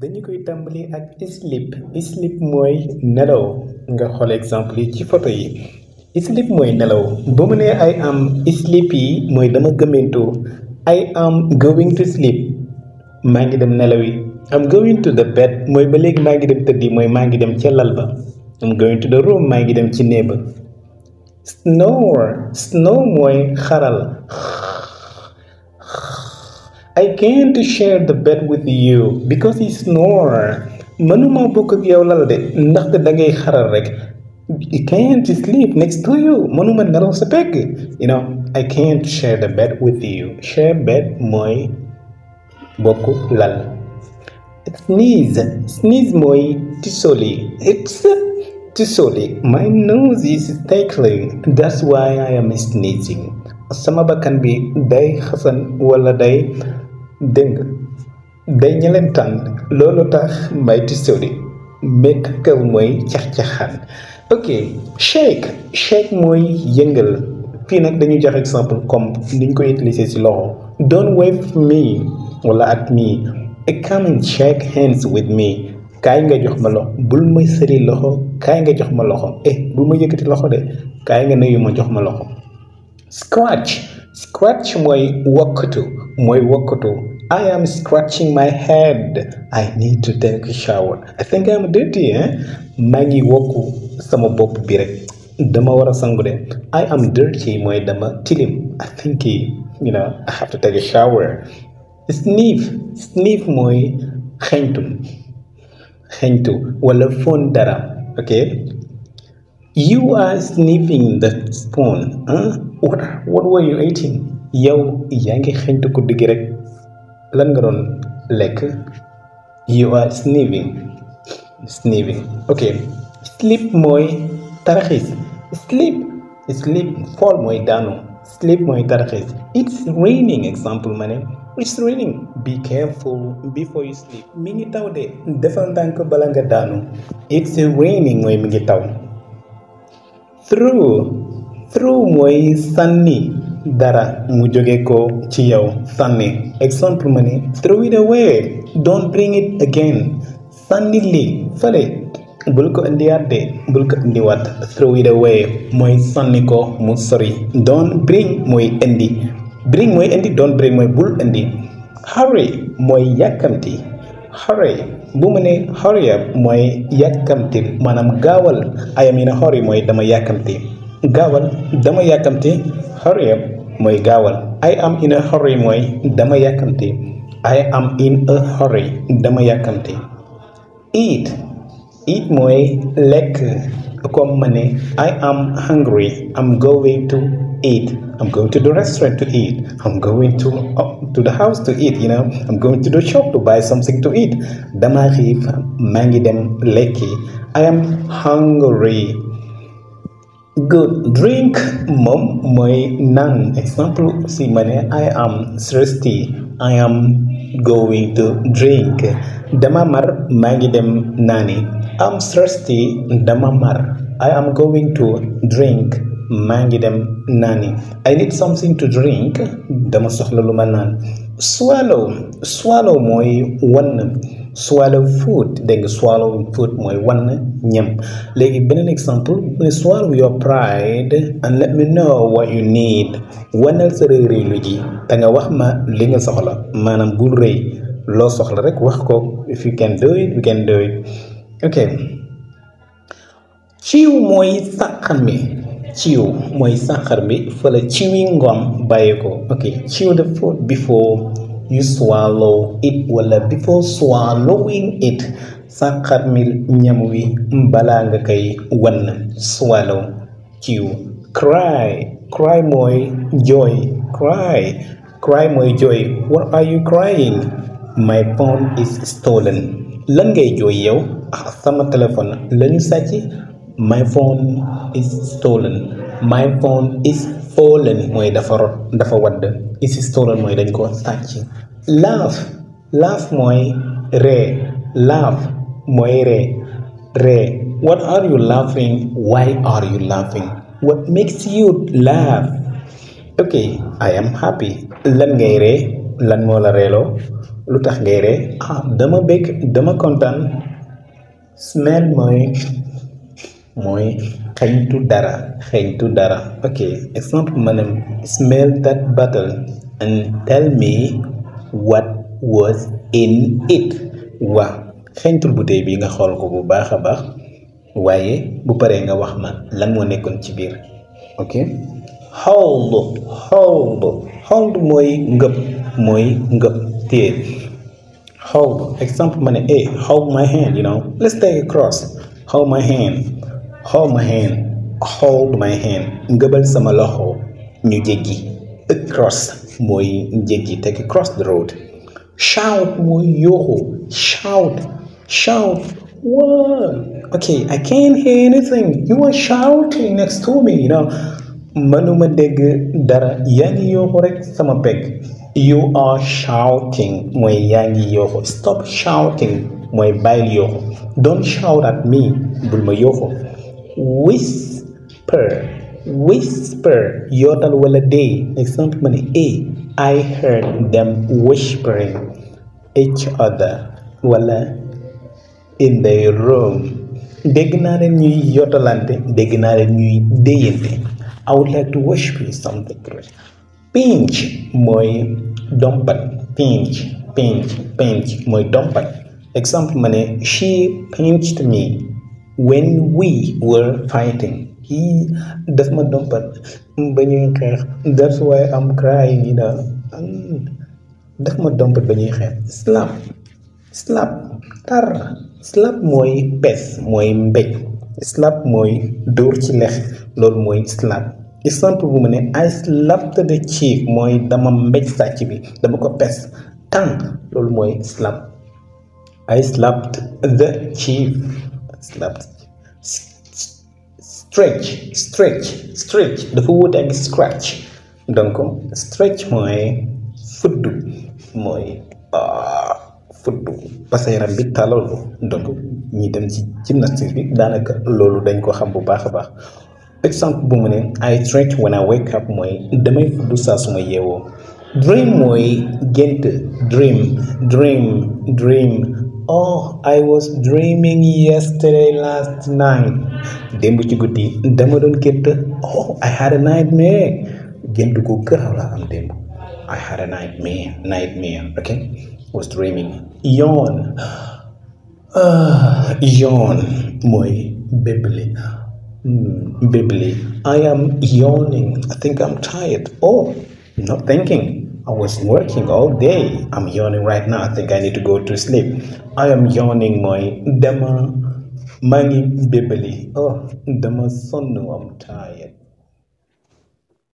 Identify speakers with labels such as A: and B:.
A: dañu koy tàmbali ak sleep sleep mooy nelaw nga xool exemple yi ci photo yi sleep mooy nelaw ba mu ne I am sleep yi mooy dama gëmmentu ay am going to sleep maa ngi dem nelaw yi am going to the bed mooy ba léegi maa ngi dem tëdd yi mooy maa ngi dem ca lal ba am going to the room maa ngi dem ci néeg ba snore mooy xaral I can't share the bed with you because you snore mënuma bokk ak yow lal de ndaxte da ngay xaral rek I can't sleep next to you mënuma nelaw sa pegg you know I can't share the bed with you share bed mooy bokk lal sneeze sneeze mooy tisoli it's tisoli my nose is tickling that's why I am sneezing sama bakkan bi day xasan wala day dégg nga day ña loolu tax mbayti sori mais takkaw mooy cax-caxaan ok shake shake mooy yëngal fii nag dañuy jox exemple comme niñ koy utiliser ci loxo don't wave me wala at me come and shake hands with me kaay nga jox ma loxo bul ma sëri loxo kaay nga jox ma loxo eh bul ma yëkkati loxo de kaay nga nuyu ma jox ma loxo Scratch my wakoto, my wakoto. I am scratching my head. I need to take shower. I think I'm dirty, eh? maa ngi wokku sama bopp bi dama war a sangu de I am dirty mooy dama tilim I think you know I have to take a shower sniff sniff mooy xeñtu xeñtu wala fóon dara ok You are sniffing the spoon. Huh? What, what were you eating? yow yaa ngi xeñtu ko digg rek lan nga doon lekk. You are sniffing. Sniffing. ok sleep mooy tarxiis sleep sleep fall mooy daanu sleep mooy tarxiis it's raining exemple ma ne it's raining be careful before you sleep mi ngi taw de defal ndànk bala nga daanu it's raining mooy mi ngi taw through through mooy sànni dara mu jóge ko ci yow sànni exemple ma ne throw it away don't bring it again sànni li fële bul ko indiwaat de bul ko indiwaat throw it away mooy sànni ko mu sori don't bring mooy indi bring mooy indi don't bring mooy bul indi hurry mooy yàkkamti hurry bu mu ne xorya mooy yàkkamti maanaam gaawal ayam yi na xor yi mooy dama yàkkamti gaawal dama yàkkamti xorya mooy gaawal ay am ina xor yi mooy dama yàkkamti ay am in a xor dama yàkkamti eat eat mooy lekk comme ma ne I am hungry I'm going to eat. I'm going to the restaurant to eat. I'm going to uh, to the house to eat. You know, I'm going to the shop to buy something to eat. Dama xiif maa ngi dem lekki. I am hungry. good drink moom mooy naan exemple si ma I am thirsty I am going to drink dama mar maa ngi dem naani I am thirsty dama mar I am going to drink maa ngi dem naani I need something to drink dama soxla lu ma naan swallow swallow mooy wan swallow food dégg nga swallow food mooy wann ñam léegi beneen exemple uh, swallow your pride and let me know need wanal sa rëy rëy ji te wax ma li nga soxla maanaam bul rëy loo soxla rek wax ko if you can do it we can do it ok ciw mooy sàqami chew mooy sànqar bi fa la chewing gum bàyyi ko ok chew the fruit before you swallow it wala before swallowing it sànqar mi ñam wi balaa nga koy wann swallow chew cry cry mooy jooy cry cry mooy jooy what are you crying my phone is stolen lan ngay jooy yow ah sama téléphone lañu sàcc my phone is stolen my phone is fallen mooy dafa rot dafa wadd is stolen mooy dañ ko sàcc laugh laugh mooy ree laugh mooy ree ree what are you laughing why are you laughing what makes you laugh ok I am happy lan ngay ree lan moo la reeloo lu tax ngay ree ah dama bëgg dama kontaan smell mooy mooy xeñtu dara xeñtu dara ok exemple ma smell that bottle and tell me what was in it waaw xeñtul bouteille bi nga xool ko bu baax a baax waaye bu paree nga wax na lan moo nekkoon ci biir ok hold hold hold mooy ngëb mooy ngëb téye hold exemple ma ne hey hold my hand you know let's a cross hold my hand hold my hand hold my hand ngëbal sama loxo ñu jéggi cross mooy jéggi tekki cross the road shout mooy yooxu shout shout wow okay I can't hear anything you are shouting next to me you know mënuma dégg dara yaa ngi yooxu rek sama pegg you are shouting mooy yaa ngi yooxu stop shouting mooy bàyyil yooxu don't shout at me bul ma yooxu whisper whisper yootal wala day exemple ma ne a I heard them whispering each other wala in the room dégg naa leen ñuy yootalante dégg naa leen ñuy déyante I would like to whisper something pinch mooy dompat pinch pinch pinch mooy dompat exemple ma ne she pinched me when we were fighting he daf ma dompat ba ñuy xeex that's why I'm crying yi daal daf ma dompat ba ñuy xeex slap slap tar slap mooy pes mooy mbéj slap mooy dóor ci lex loolu mooy slap exemple bu mu ne I slapped the chief mooy dama mbéj sàcc bi dama ko pes tànk loolu mooy slap I slapped the chief stretch stretch stretch dafa wuute ak scratch donc stretch mooy fudd mooy ah, fudd parce bi tàllal ko donc ñi dem ci gymnastique bi daanaka loolu dañ ko xam bu baax a baax exemple bu mu ne I stretch when I wake up mooy damay fudd saa su yeewoo dream mooy gént dream dream dream oh I was dreaming yesterday last night démb ci guddi dama doon gént oh I had a nightmare gént gu garaaw laa am démb I had a nightmare nightmare ok was dreaming yawn ah yawn mooy bébli hmm, bébli I am yawning I think I'm tired oh not thinking I was working all day. I'm yawning right now. I think I need to go to sleep. I am yawning mooy dama maa ngi bébali oh dama sonn am tired